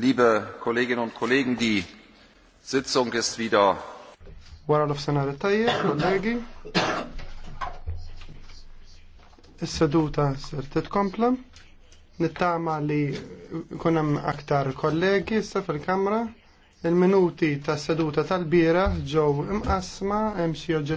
Liebe Kolleginnen und Kollegen, die Sitzung ist wieder. Wara l-ofsenar tajjeb, kollegi. Is-seduta ser titkompla. Nittama li kunem aktar kollegi issa fil-kamra. Il-minuti tas seduta tal-bira ġew imqasma hemm xi